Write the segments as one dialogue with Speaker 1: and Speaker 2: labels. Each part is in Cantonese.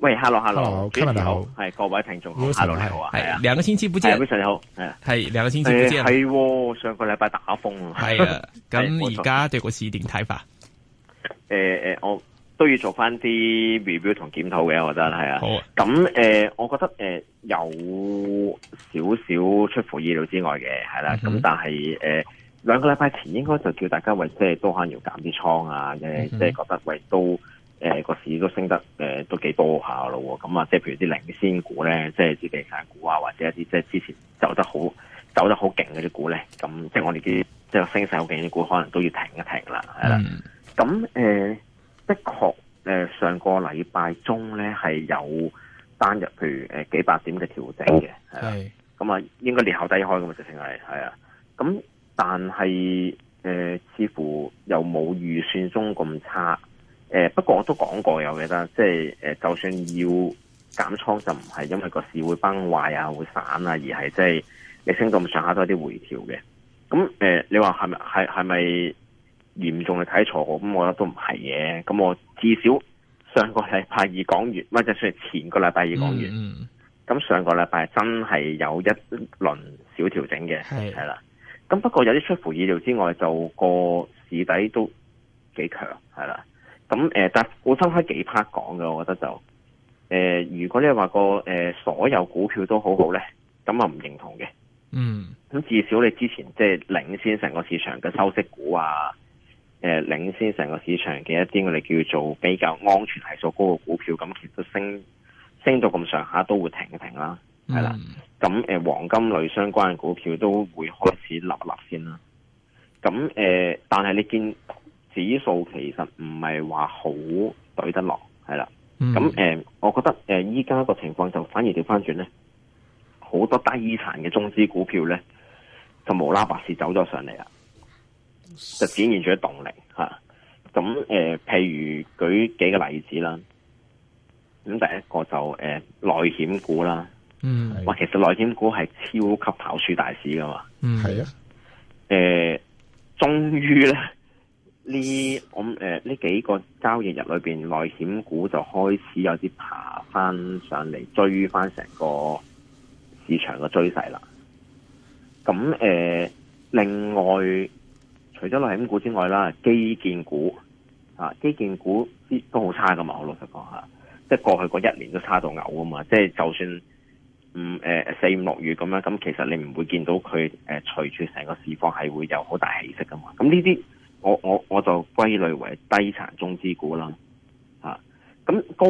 Speaker 1: 喂，哈羅哈羅，早你好，係各位聽眾，哈 o 你好啊，係啊，
Speaker 2: 兩個星期不見，早晨你好，
Speaker 1: 係，係兩個星期不見，係，上個禮拜打風啊，係啊，咁而家
Speaker 2: 對個市點睇法？
Speaker 1: 誒誒，我都要做翻啲 review 同檢討嘅，我覺得係啊，好，咁誒，我覺得誒有少少出乎意料之外嘅，係啦，咁但係誒兩個禮拜前應該就叫大家為即係都可能要減啲倉啊，誒即係覺得喂都。誒，個市都升得誒，都幾多下咯，咁啊，即係譬如啲領先股咧，即係啲地產股啊，或者一啲即係之前走得好走得好勁嗰啲股咧，咁即係我哋啲即係升勢好勁啲股，可能都要停一停啦，係啦、嗯。咁誒、呃，的確誒，上個禮拜中咧係有單日，譬如誒幾百點嘅調整嘅，係、哦的。咁啊，應該裂口低開咁嘛，直情係係啊。咁但係誒，似乎又冇預算中咁差。誒、呃，不過我都講過有嘅啦，即係誒、呃，就算要減倉，就唔係因為個市會崩壞啊，會散啊，而係即係你升到咁上下都有一啲回調嘅。咁、嗯、誒、呃，你話係咪係係咪嚴重嘅睇錯？我、嗯、咁我覺得都唔係嘅。咁我至少上個禮拜二講完，或者算係前個禮拜二講完。嗯，嗯。咁上個禮拜真係有一輪小調整嘅，係係啦。咁不過有啲出乎意料之外，就個市底都幾強，係啦。咁誒，但係我分開幾 part 講嘅，我覺得就誒、呃，如果你話個誒、呃、所有股票都好好咧，咁啊唔認同嘅。嗯。咁至少你之前即係領先成個市場嘅收息股啊，誒、呃，領先成個市場嘅一啲我哋叫做比較安全系數高嘅股票，咁其實都升升到咁上下都會停一停啦，係、嗯、啦。咁誒、呃，黃金類相關嘅股票都會開始立立先啦。咁誒、呃，但係你見。指數其實唔係話好對得落，係啦。
Speaker 3: 咁誒、嗯呃，
Speaker 1: 我覺得誒，依家個情況就反而調翻轉咧，好多低殘嘅中資股票咧，就無啦啦是走咗上嚟啦，就展現咗動力吓。咁、啊、誒、呃，譬如舉幾個例子啦，咁第一個就誒內險股啦，嗯，哇，其實內險股係超級跑輸大市噶嘛，嗯，係啊，誒、呃，終於咧。呢，咁呢、嗯呃、幾個交易日裏面，內險股就開始有啲爬翻上嚟，追翻成個市場嘅追勢啦。咁、嗯、誒、呃，另外除咗內險股之外啦，基建股啊，基建股啲都好差噶嘛。我老實講吓、啊，即係過去嗰一年都差到嘔啊嘛。即係就算四五落雨咁樣，咁、嗯、其實你唔會見到佢誒隨住成個市況係會有好大起色噶嘛。咁呢啲。我我我就歸類為低殘中資股啦，咁高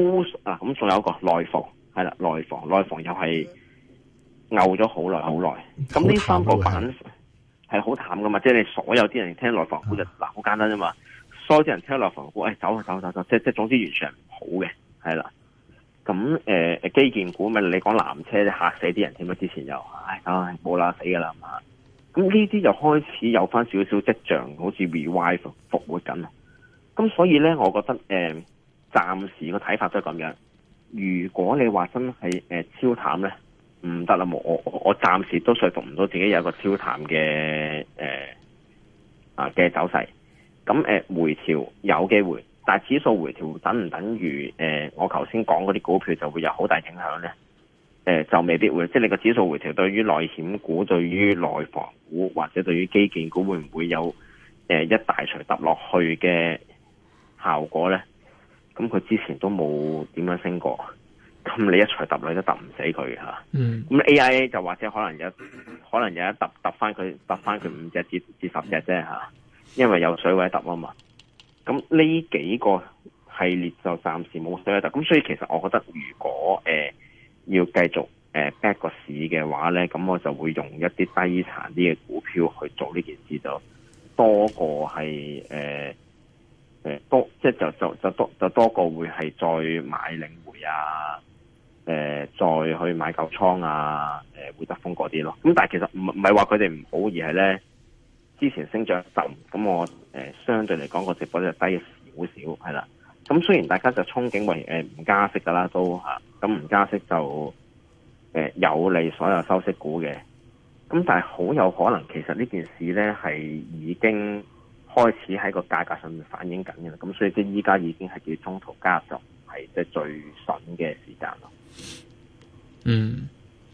Speaker 1: 啊，咁仲、啊、有一個內房，係啦，內房內房又係牛咗好耐好耐，咁呢三個板係好淡噶嘛，即、就、係、是、你所有啲人聽內房股就嗱，好、啊、簡單啫嘛，所有啲人聽內房股，哎走啊走走走，即即總之完全係唔好嘅，係啦，咁誒、呃、基建股咪你講南車你嚇死啲人添啊，之前又，唉唉冇啦死噶啦嘛～咁呢啲就開始有翻少少跡象，好似 revive 復活緊。咁所以呢，我覺得、呃、暫時個睇法都係咁樣。如果你話真係、呃、超淡呢，唔得啦！我我暫時都說服唔到自己有一個超淡嘅、呃、啊嘅走勢。咁、嗯呃、回調有機會，但係指數回調等唔等於、呃、我頭先講嗰啲股票就會有好大影響呢？誒就未必會，即係你個指數回調對於內險股、對於內房股或者對於基建股會唔會有誒一大槌揼落去嘅效果咧？咁佢之前都冇點樣升過，咁你一槌揼落去都揼唔死佢嚇。嗯。咁 AIA 就或者可能有一，可能有一揼揼翻佢揼翻佢五隻至至十隻啫嚇，因為有水位揼啊嘛。咁呢幾個系列就暫時冇水位揼。咁所以其實我覺得如果誒。欸要繼續誒 back 個市嘅話咧，咁我就會用一啲低殘啲嘅股票去做呢件事，就多過係誒誒多，即係就就就多就多過會係再買領匯啊，誒、呃、再去買九倉啊，誒會德豐嗰啲咯。咁但係其實唔唔係話佢哋唔好，而係咧之前升咗一陣，咁我誒、呃、相對嚟講個值博率就低少少係啦。咁雖然大家就憧憬為誒唔、呃、加息㗎啦，都嚇。啊咁唔加息就、呃、有利所有收息股嘅，咁但係好有可能其實呢件事咧係已經開始喺個價格上面反映緊嘅啦，咁所以即係依家已經係叫中途加入就係即係最筍嘅時間咯。嗯，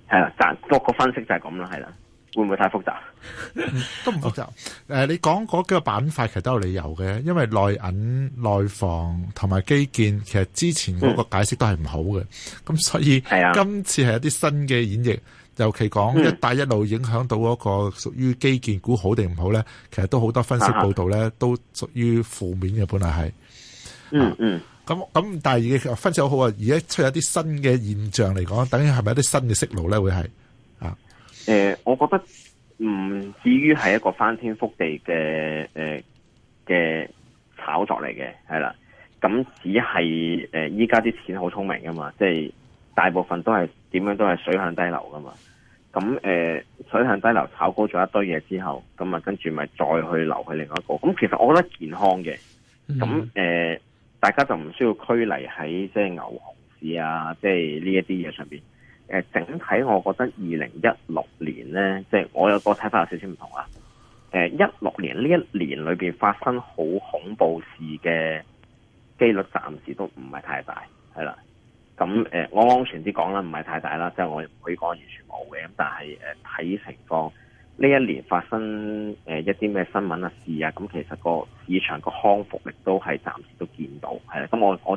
Speaker 1: 係啊，但個個分析就係咁啦，係啦。會唔會太複雜？ 嗯、
Speaker 4: 都唔複雜。誒，你講嗰幾個板塊其實都有理由嘅，因為內銀、內房同埋基建，其實之前嗰個解釋都係唔好嘅。咁、嗯、所以，的今次係一啲新嘅演繹，尤其講一帶一路影響到嗰個屬於基建股好定唔好呢？其實都好多分析報道呢哈哈都屬於負面嘅。本來係，
Speaker 1: 嗯
Speaker 4: 嗯。咁咁、啊，但係而家分析好好啊，而家出現一啲新嘅現象嚟講，等於係咪一啲新嘅息路呢？會係？
Speaker 1: 誒、呃，我覺得唔至於係一個翻天覆地嘅誒嘅炒作嚟嘅，係啦。咁只係誒，依家啲錢好聰明噶嘛，即係大部分都係點樣都係水向低流噶嘛。咁誒、呃，水向低流炒高咗一堆嘢之後，咁啊跟住咪再去流去另外一個。咁其實我覺得健康嘅。咁誒、嗯呃，大家就唔需要拘泥喺即係牛熊市啊，即係呢一啲嘢上邊。誒，整體我覺得二零一六年呢，即係我有個睇法有少少唔同啊。誒，一六年呢一年裏邊發生好恐怖事嘅幾率，暫時都唔係太大，係啦。咁誒，我安全啲講啦，唔係太大啦，即係我亦唔可以講完全冇嘅。咁但係誒睇情況，呢一年發生誒一啲咩新聞啊事啊，咁其實個市場個康復力都係暫時都見到，係啦。咁我我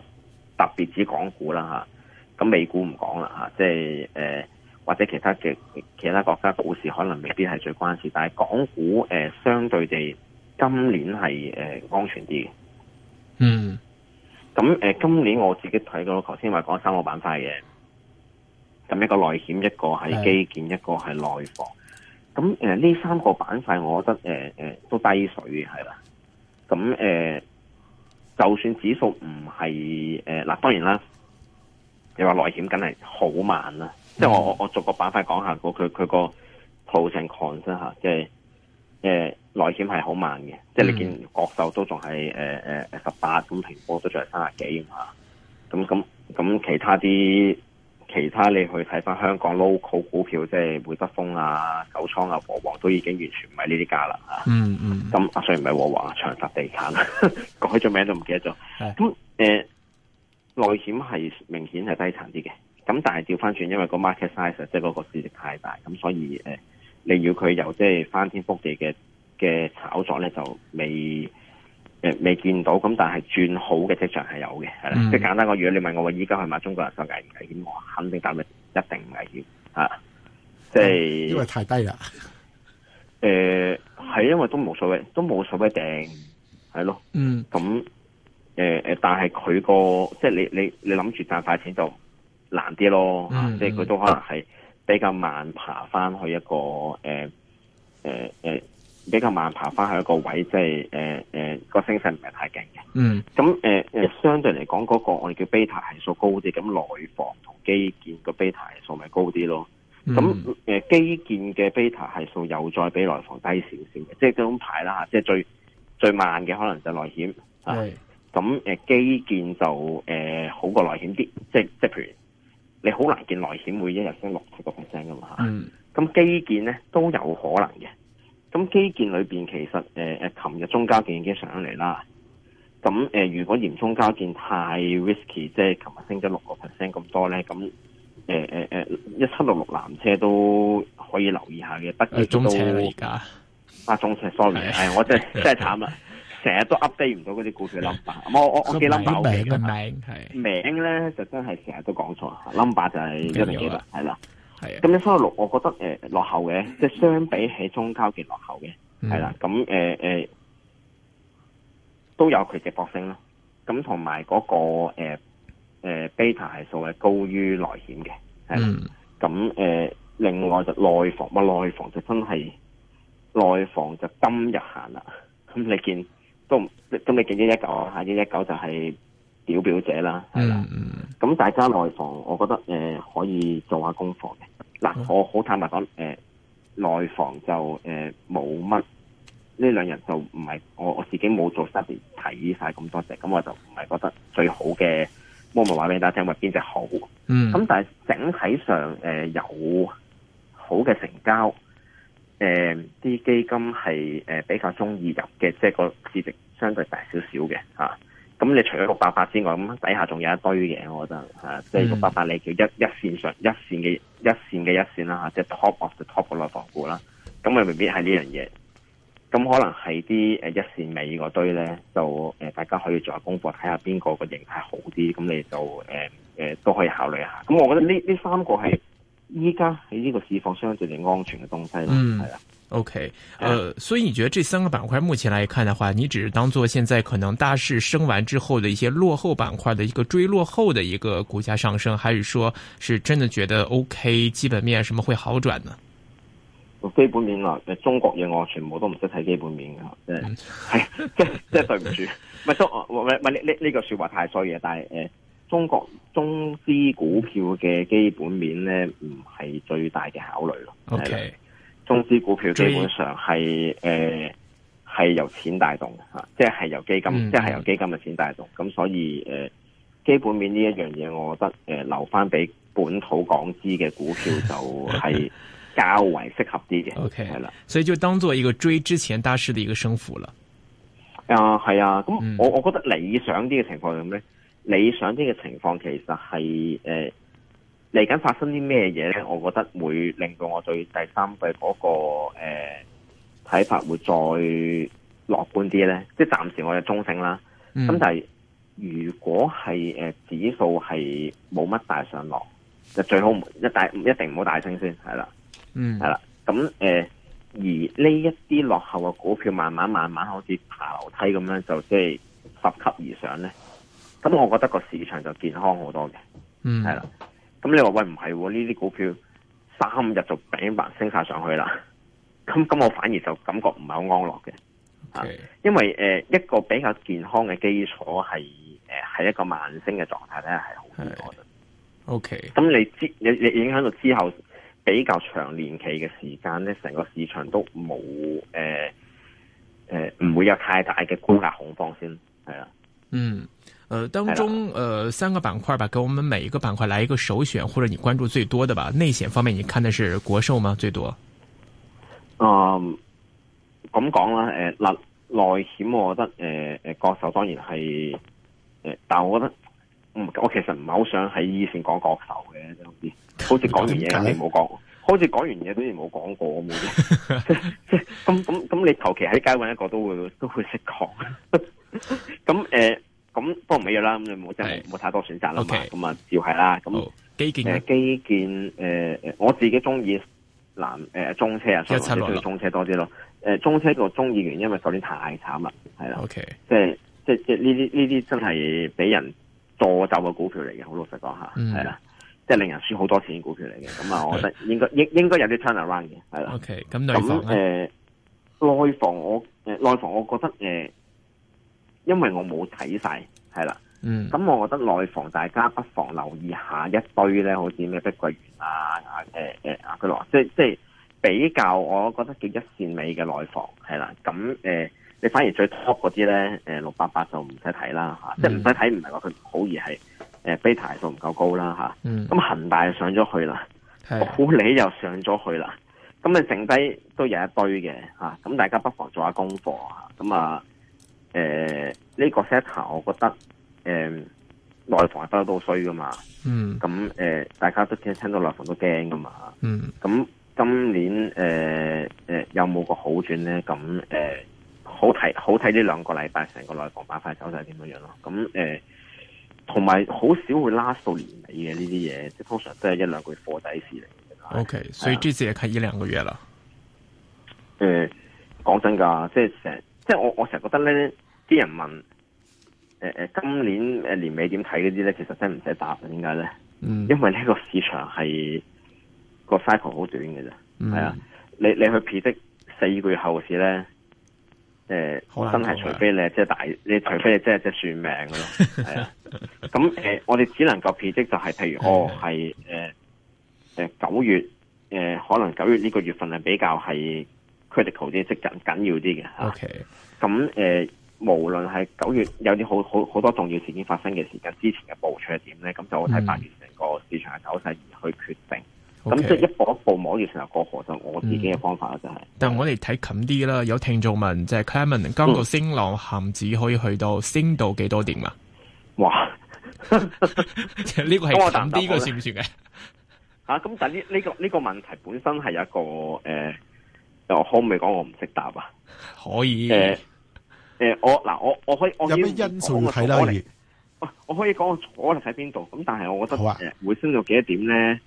Speaker 1: 特別只講股啦吓。咁美股唔講啦嚇，即係誒、呃、或者其他嘅其他國家股市可能未必係最關事，但係港股誒、呃、相對地今年係誒、呃、安全啲。嗯。咁誒、呃、今年我自己睇到頭先話講三個板塊嘅，咁一個內險，一個係基建，的一個係內房。咁呢、呃、三個板塊，我覺得誒、呃呃、都低水係啦。咁誒、呃，就算指數唔係誒，嗱、呃、當然啦。你話內險梗係好慢啦、啊，mm hmm. 即係我我我逐個板塊講下個佢佢個套承抗生吓，即係誒、呃、內險係好慢嘅，mm hmm. 即係你見國壽都仲係誒誒十八咁，呃呃、18, 平安都仲係三十幾啊，咁咁咁其他啲其他你去睇翻香港 local 股票，即係會德豐啊、九倉啊、和黃都已經完全唔係呢啲價啦嗯嗯，咁、mm hmm. 啊，所以唔係和黃長實地產，啊， 改咗名都唔記得咗，
Speaker 3: 咁、hmm.
Speaker 1: 內險係明顯係低層啲嘅，咁但係調翻轉，因為個 market size 即係嗰個市值太大，咁所以誒、呃，你要佢有即係翻天覆地嘅嘅炒作咧，就未誒、呃、未見到。咁但係轉好嘅跡象係有嘅，係啦。嗯、即係簡單如果你問我話依家去買中國人壽危唔危險，我肯定答你一定唔危險嚇、啊，即係因為太低啦。誒、呃，係因為都冇所謂，都冇所謂定，係咯。
Speaker 3: 嗯，
Speaker 1: 咁。誒誒、呃，但係佢個即係你你你諗住賺大錢就難啲咯，mm hmm. 即係佢都可能係比較慢爬翻去一個誒誒誒比較慢爬翻去一個位，即係誒誒個升勢唔係太勁嘅。嗯、mm，咁誒誒相對嚟講嗰個我哋叫 beta 係數高啲，咁內房同基建個 beta 係數咪高啲咯？咁誒、
Speaker 3: mm hmm.
Speaker 1: 基建嘅 beta 係數又再比內房低少少嘅，即係嗰種牌啦吓，即係最最慢嘅可能就內險。Mm hmm. 啊咁誒基建就誒、呃、好過內險啲，即即譬如你好難見內險會一日升六七個 percent 噶嘛嚇。咁、嗯、基建咧都有可能嘅。咁基建裏邊其實誒誒，琴、呃、日中交建已經上嚟啦。咁誒、呃，如果嫌中交建太 risky，即係琴日升咗六個 percent 咁多咧，咁誒誒誒，一七六六藍車都可以留意下嘅，不過都。啊中車，啊中車，sorry，係、 哎、我真係真係慘啦。 成日都 update 唔到嗰啲股票 number，我我我記 number，名名係名咧就真係成日都講錯 number 就係一定記得，係啦，係啊。咁一三六，我覺得誒落後嘅，即係相比起中交健落後嘅係啦。咁誒誒都有佢嘅博聲啦。咁同埋嗰個誒 beta 係數係高於內險嘅，
Speaker 3: 係啦。
Speaker 1: 咁誒另外就內房唔內房就真係內房就今日行啦。咁你見？都咁，你見一一九啊？下一一九就係表表姐啦。嗯嗯。咁、mm hmm. 大家內房，我覺得、呃、可以做下功課嘅嗱。我好坦白講，內、呃、房就冇乜呢兩日就唔係我我自己冇做 study 睇晒咁多隻，咁我就唔係覺得最好嘅。我咪話俾大家聽，話邊隻好，嗯咁，mm hmm. 但係整體上、呃、有好嘅成交。誒，啲、嗯、基金係誒比較中意入嘅，即係個市值相對大少少嘅吓。咁、啊、你除咗六百八之外，咁底下仲有一堆嘅，我覺得吓，即、啊、係、就是、六百八你叫一一線上一線嘅一線嘅一線啦吓，即、啊、係、就是、top of the top 嗰類內房股啦。咁啊，未必係呢樣嘢。咁可能係啲誒一線尾嗰堆咧，就誒、呃、大家可以做下功課，睇下邊個個形態好啲，咁你就誒誒、呃呃、都可以考慮下。咁我覺得呢呢三個係依家喺呢個市況相對嚟，安全嘅東西，啊、嗯，係啦
Speaker 2: ，OK，誒、呃，所以你覺得這三個板塊目前來看的話，你只是當作現在可能大市升完之後的一些落後板塊的一個追落後的一個股價上升，還是說是真的覺得 OK 基本面什麼會好轉呢？
Speaker 1: 基本面啊，誒，中國嘢我全部都唔識睇基本面噶，真係，真真對唔住，唔係都我唔係唔係呢呢個說話太衰啊，但係誒。呃中國中資股票嘅基本面咧，唔係最大嘅考慮咯。O Okay . K，中資股票基本上係誒係由錢帶動吓，即係由基金，嗯、即係由基金嘅錢帶動。咁、嗯、所以誒、呃，基本面呢一樣嘢，我覺得誒、呃、留翻俾本土港資嘅股票就係較為適合啲嘅。O K，係啦，Okay.
Speaker 2: 的所以就當做一個追之前大師嘅一個升幅啦。
Speaker 1: 啊、呃，係啊，咁、嗯、我我覺得理想啲嘅情況係咩？理想啲嘅情況其實係誒嚟緊發生啲咩嘢咧？我覺得會令到我對第三季嗰個睇、那個呃、法會再樂觀啲咧。即係暫時我係中性啦。咁但係如果係誒、呃、指數係冇乜大上落，就最好一大一定唔好大升先，係啦。嗯，係啦。咁誒、呃，而呢一啲落後嘅股票慢慢，慢慢慢慢好似爬樓梯咁樣，就即係拾級而上咧。咁我覺得個市場就健康好多嘅，嗯，係啦。咁你話喂唔係喎？呢啲股票三日就冚唪唥升晒上去啦。咁 咁我反而就感覺唔係好安樂嘅。啊，Okay. 因為誒、呃、一個比較健康嘅基礎係誒係一個慢升嘅狀態咧係好啲，
Speaker 3: 我 O K。
Speaker 1: 咁 Okay. 你之你你影響到之後比較長年期嘅時間咧，成個市場都冇誒誒唔會有太大嘅沽壓恐慌先係啊。嗯。
Speaker 2: 誒、呃，當中誒的、呃、三個板塊吧，給我們每一個板塊來一個首選，或者你關注最多的吧。內險方面，你看的是國壽嗎？最多？
Speaker 1: 嗯，咁講啦，誒、呃、嗱，內險我覺得，誒、呃、誒，國壽當然係，誒、呃，但我覺得，嗯，我其實唔係好想喺二線講國壽嘅，好似好似講完嘢，你冇講， 好似講完嘢，都冇講過咁嘅，咁咁咁， 你求其喺街搵一個都會都會識講，咁 誒、嗯。呃咁都唔美咗啦，咁你冇真係冇太多選擇啦嘛，咁啊照係啦。咁好、嗯、基建誒基建誒、呃、我自己中意南誒中車啊，所以中意中車多啲咯。一七六六中車個中意原因，因為首先太慘啦，係啦。O okay , K，即係即係即係呢啲呢啲真係俾人墮走嘅股票嚟嘅，好老實講下，係啦、嗯，即係令人輸好多錢嘅股票嚟嘅。咁啊，我覺得應該應應該有啲 turnaround 嘅，係啦。
Speaker 2: O K，咁內房誒
Speaker 1: 內房我內房我覺得、呃因為我冇睇晒，係啦，咁、嗯嗯、我覺得內房大家不妨留意下一堆咧，好似咩碧桂園啊、阿誒佢落，即即比較我覺得幾一線尾嘅內房，係啦，咁、嗯、誒、呃、你反而最 top 嗰啲咧，誒六八八就唔使睇啦，嚇、嗯啊，即唔使睇唔係話佢好而係誒、呃、beta 數唔夠高啦，咁、啊、恒、嗯、大就上咗去啦，保利的又上咗去啦，咁、嗯、你剩低都有一堆嘅嚇，咁、啊、大家不妨做一下功課啊，咁啊～誒，呢、呃這個 set 頭，我覺得誒，內、呃、房係兜得多衰噶嘛。
Speaker 3: 嗯。
Speaker 1: 咁誒，大家都聽聽到內房都驚噶嘛，嗯嗯、呃呃呃。
Speaker 3: 嗯。
Speaker 1: 咁今年誒誒，有冇個好轉咧？咁誒，好睇好睇呢兩個禮拜成個內房板塊走勢點樣樣咯。咁誒，同埋好少會 last 到年尾嘅呢啲嘢，即係通常都係一兩個月貨底事嚟。
Speaker 2: O Okay , K，、呃、所以呢次係一兩個月啦。
Speaker 1: 誒、呃，講真噶，即係成，即係我我成日覺得咧。啲人問誒誒、呃，今年誒年尾點睇嗰啲咧？其實真係唔使答，點解咧？嗯，
Speaker 3: 因為呢個
Speaker 1: 市場係個 cycle 好短嘅啫，係、嗯、啊。你你去 predict 四個月後市咧，誒、呃，真係除非你即係大，你除非你即係即係算命嘅咯。係 啊，咁誒、呃，我哋只能夠 predict 就係、是，譬如 哦，係誒誒九月誒、呃，可能九月呢個月份係比較係 critical 啲，即係緊緊要啲嘅吓。咁
Speaker 3: 誒 Okay.、
Speaker 1: 啊。無論係九月有啲好好好多重要事件發生嘅時間之前嘅部署係點咧，咁就我睇八月成個市場嘅走勢而去決定。
Speaker 3: 咁 Okay. 即係一
Speaker 1: 步一步摸住成個過河，就是、我自己嘅方法啦，嗯、就係、是。
Speaker 2: 但係我哋睇近啲啦，有聽眾問就係 Clement 今個升浪限子、嗯、可以去到升到幾多點啊？哇、這個！呢個係近啲嘅算唔算嘅？
Speaker 1: 吓，咁但係呢呢個呢個問題本身係一個誒，可唔可以講我唔識答啊？可以。呃誒，我嗱，我我可以我有咩因素睇啦？我我可以講我坐喺睇邊度，咁但係我覺得會升到幾多點咧？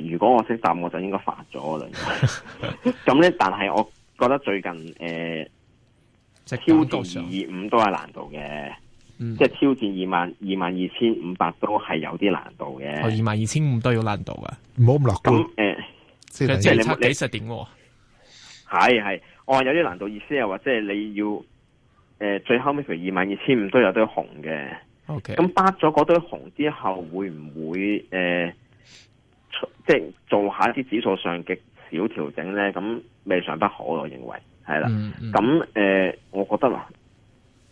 Speaker 1: 誒，如果我識答我就應該發咗啦。咁咧，但係我覺得最近誒，挑戰二五都係難度嘅，即係挑戰二萬二萬二千五百都係有啲難度嘅。二
Speaker 2: 萬二千五都有難度噶，唔好咁樂觀
Speaker 1: 誒，即係即係差幾十點。係係。我有啲難度，意思係話，即、就、係、是、你要，誒、呃、最後尾譬如二萬二千五都有一堆紅嘅，OK，咁崩咗嗰堆紅之後，會唔會誒、呃，即係做一下啲指數上極小調整咧？咁未嘗不可，我認為係
Speaker 3: 啦。咁
Speaker 1: 誒、mm hmm. 呃，我覺得啦，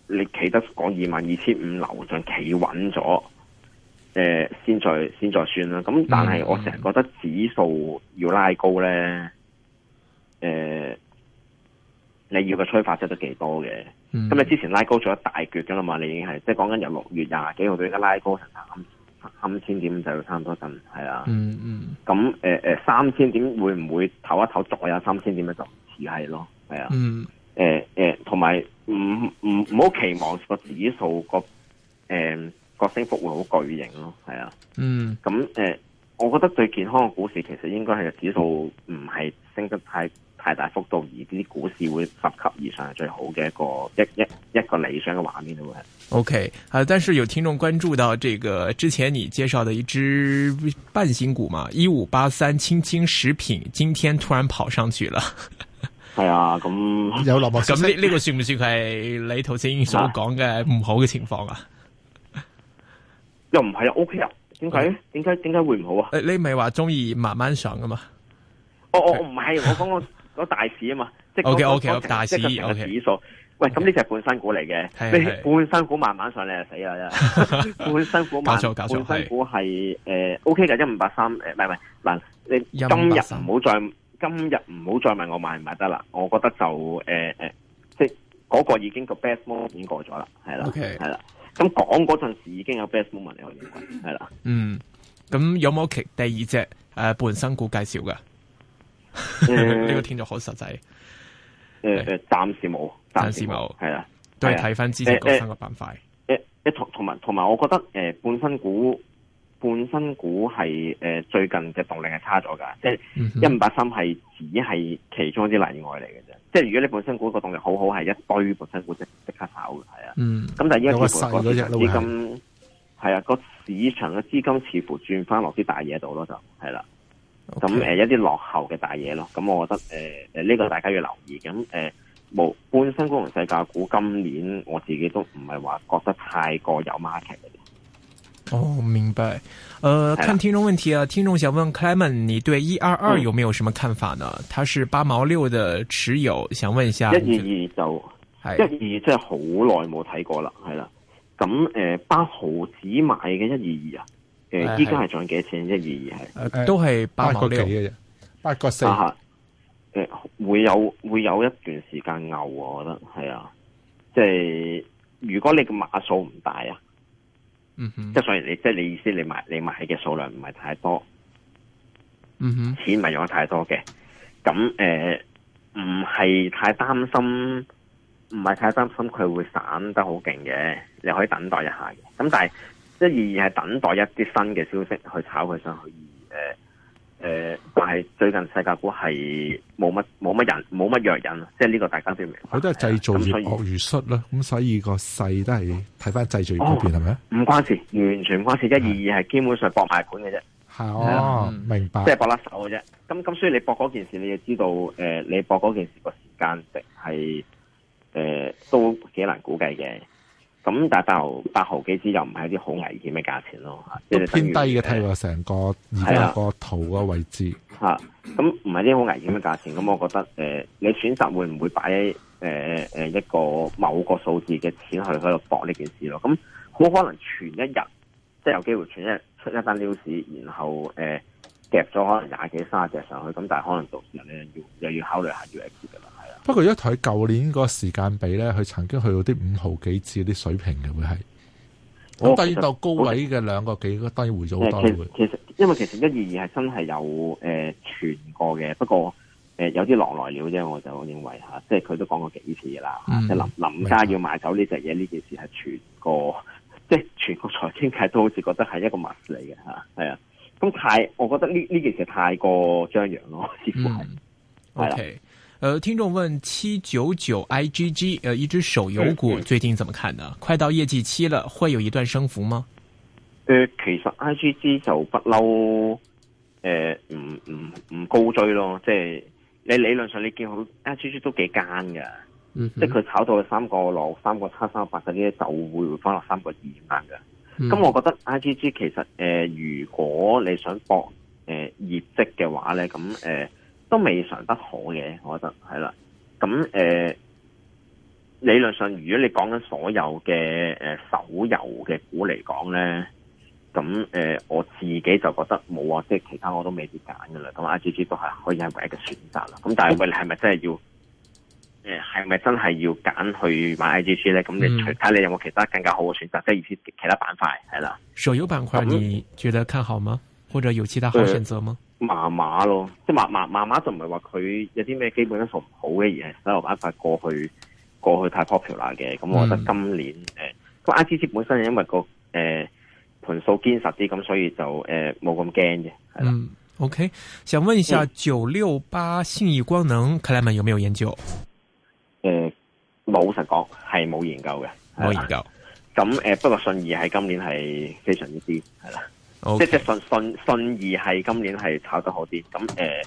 Speaker 1: 你企得講二萬二千五樓上企穩咗，誒、呃、先再先再算啦。咁但係我成日覺得指數要拉高咧，誒、呃。你要嘅催化出得幾多嘅，咁你、嗯、之前拉高咗一大橛噶啦嘛，你已經係即係講緊由六月廿幾號到而家拉高成差三千點就要差唔多陣，係啊，咁誒誒三千點會唔會唞一唞再有三千點咧就唔似係咯，係啊，誒誒同埋唔唔唔好期望個指數個誒個升幅會好巨型咯，係啊，嗯，咁誒、呃，我覺得對健康嘅股市其實應該係個指數唔係升得太太大，大幅度，而啲股市會十級以上係最好嘅一個一一一,一個理想嘅畫面，
Speaker 2: 就是、O、okay, K，啊，但是有聽眾關注到，呢個之前你介紹嘅一支半新股嘛，一五八三青青食品，今天突然跑上去了。係 啊，咁有落落。咁呢呢個算唔算係你頭先所講嘅唔好嘅情況啊？又唔
Speaker 1: 係啊？O K 啊？點
Speaker 2: 解、嗯？點解、嗯？點解會唔好啊？你唔係話中意慢慢上噶嘛？
Speaker 1: 我我唔係，我講嗰大市啊嘛，即係 OK 大市有指數。喂，咁呢隻半新股嚟嘅，半新股慢慢上嚟就死啦，真係。半新股慢，半新股係 OK 嘅，一五八三誒，唔係唔係嗱，你今日唔好再今日唔好再問我買唔買得啦。我覺得就誒即係嗰個已經個 best moment 已經過咗啦，係啦，係啦。咁講嗰陣時已經有 best moment 嚟去。係啦，嗯。
Speaker 2: 咁有冇其第二隻誒半新股介紹㗎？呢 個天就好實際，誒誒、
Speaker 1: 嗯，暫、欸、時冇，暫時冇，係啦、
Speaker 2: 啊，都係睇翻
Speaker 1: 之前嗰三個板塊。一一同同埋同埋，嗯、我覺得誒、呃，半新股半新股係誒、呃，最近嘅動力係差咗㗎，即係一五八三係只係其中一啲例外嚟嘅啫。即、就、係、是、如果你半新股個動力好好，係一堆半新股即即刻炒嘅，係啊、嗯。
Speaker 3: 咁但係因為個細嗰隻資金，
Speaker 1: 係啊個市場嘅資金似乎轉翻落啲大嘢度咯，就係啦。咁誒 Okay.、嗯呃，一啲落後嘅大嘢咯，咁、嗯、我覺得誒誒，呢、呃這個大家要留意。咁、嗯、誒，本身金融世界股今年我自己都唔係話覺得太過有 market。哦，
Speaker 2: 明白。誒、呃，的看聽眾問題啊，聽眾想問 Clement，你對一二二有沒有什麼看法呢？他、嗯、是八毛六的持有，想問一下一二
Speaker 1: 二就一二，即係好耐冇睇過啦，係啦。咁、嗯、誒，八毫子買嘅一二二啊？依家係賺幾多錢？Uh, 一二二係，都係八個幾嘅，
Speaker 4: 八個四。誒元，uh,
Speaker 1: 會有會有一段時間牛，我覺得係啊。即係如果你嘅碼數唔大啊，嗯哼、mm，hmm. 即係所以你即係你意思你，你買你買嘅數量唔係太多，嗯哼、
Speaker 3: mm，hmm.
Speaker 1: 錢唔係有太多嘅。咁誒，唔、呃、係太擔心，唔係太擔心佢會散得好勁嘅，你可以等待一下嘅。咁但係。即係仍然係等待一啲新嘅消息去炒佢上去，而誒誒，但、呃、係最近世界股係冇乜冇乜人冇乜藥引，即係呢個大家都要明
Speaker 4: 白。佢都係製造業惡如摔啦，咁所以個勢都係睇翻製造業嗰邊係咪啊？唔、
Speaker 1: 哦、關事，完全唔關事，一係的二二係基本上搏埋盤嘅啫。係哦，明白。即係搏甩手嘅啫。咁咁，那所以你搏嗰件事，你要知道誒、呃，你搏嗰件事個時間值係誒都幾難估計嘅。咁但係八毫幾支又唔係一啲好危險嘅價錢咯，即係偏低
Speaker 4: 嘅，睇過成個而家個圖個位置，
Speaker 1: 咁唔係啲好危險嘅價錢，咁、就是、我覺得、呃、你選擇會唔會擺、呃呃、一個某個數字嘅錢去喺度搏呢件事咯？咁好可能全一日即係有機會全一日出一單 news，然後、呃、夾咗可能廿幾卅隻上去，咁但係可能到時你要又要考慮下要唔要嘅啦。
Speaker 4: 不過一睇舊年個時間比咧，佢曾經去到啲五毫幾次啲水平
Speaker 1: 嘅會係，咁跌到高位
Speaker 4: 嘅兩個幾都當然回咗好多。其實，的其
Speaker 1: 實因為其實一二二係真係有誒傳過嘅，不過誒、呃、有啲狼來了啫，我就認為吓、啊，即係佢都講過幾次啦。即林、嗯啊就是、林家要買走呢隻嘢呢件事係傳過，即係全國財經界都好似覺得係一個密事嚟嘅吓，係啊。咁、啊、太我覺得呢呢件事太過張揚咯，似乎
Speaker 3: 係係啦。嗯 okay
Speaker 2: 誒、呃，聽眾問七九九 IGG，誒、呃，一支手遊股、嗯嗯、最近怎麼看呢？快到業績期了，會有一段升幅嗎？
Speaker 1: 誒、呃，其實 IGG 就、呃、不嬲，誒，唔唔唔高追咯，即係你理論上你見好 IGG 都幾奸噶，嗯、哼即係佢炒到三個六、三個七、三個八嗰啲就會會翻落三個二萬噶。咁、嗯、我覺得 IGG 其實誒、呃，如果你想博誒、呃、業績嘅話咧，咁、呃、誒。都未嘗不可嘅，我覺得係啦。咁誒、呃，理論上如果你講緊所有嘅誒、呃、手遊嘅股嚟講咧，咁誒、呃、我自己就覺得冇啊，即係其他我都未必揀噶啦。咁 I G G 都係可以係唯一嘅選擇啦。咁但係喂，你係咪真係要？誒、嗯，係咪真係要揀去買 I G G 咧？咁你除睇下你有冇其他更加好嘅選擇，即係意思其他板塊係啦。
Speaker 2: 手遊板塊你覺得看好嗎？嗯或者有其他好選擇嗎？
Speaker 1: 麻麻咯，即係麻麻麻麻就唔係話佢有啲咩基本因素唔好嘅嘢，所以我冇辦法過去過去太 popular 嘅。咁我覺得今年誒個 IGC 本身係因為個誒盤數堅實啲，咁所以就誒冇咁驚嘅係
Speaker 2: 啦。OK，想問一下九六八信義光能 Clement 有冇研究？
Speaker 1: 誒、嗯，老實講係冇研究嘅，冇研究。咁誒、嗯，不過信義喺今年係非常之堅係啦。Okay，即係信信信義係今年係炒得好啲，咁誒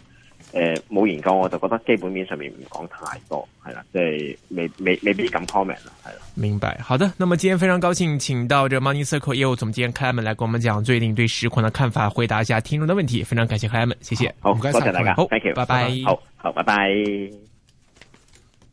Speaker 1: 誒冇研究我就覺得基本面上面唔講太多係啦，即係未未未必敢 comment 啦係
Speaker 2: 啦。明白，好的，那麼今天非常高興請到這 Money Circle 業務總監 Clement 來跟我們講最近對時況的看法，回答一下聽眾的問題。非常感謝 Clement 謝謝。好，唔該曬大家，好，Thank you，拜拜。好，
Speaker 1: 好，拜拜。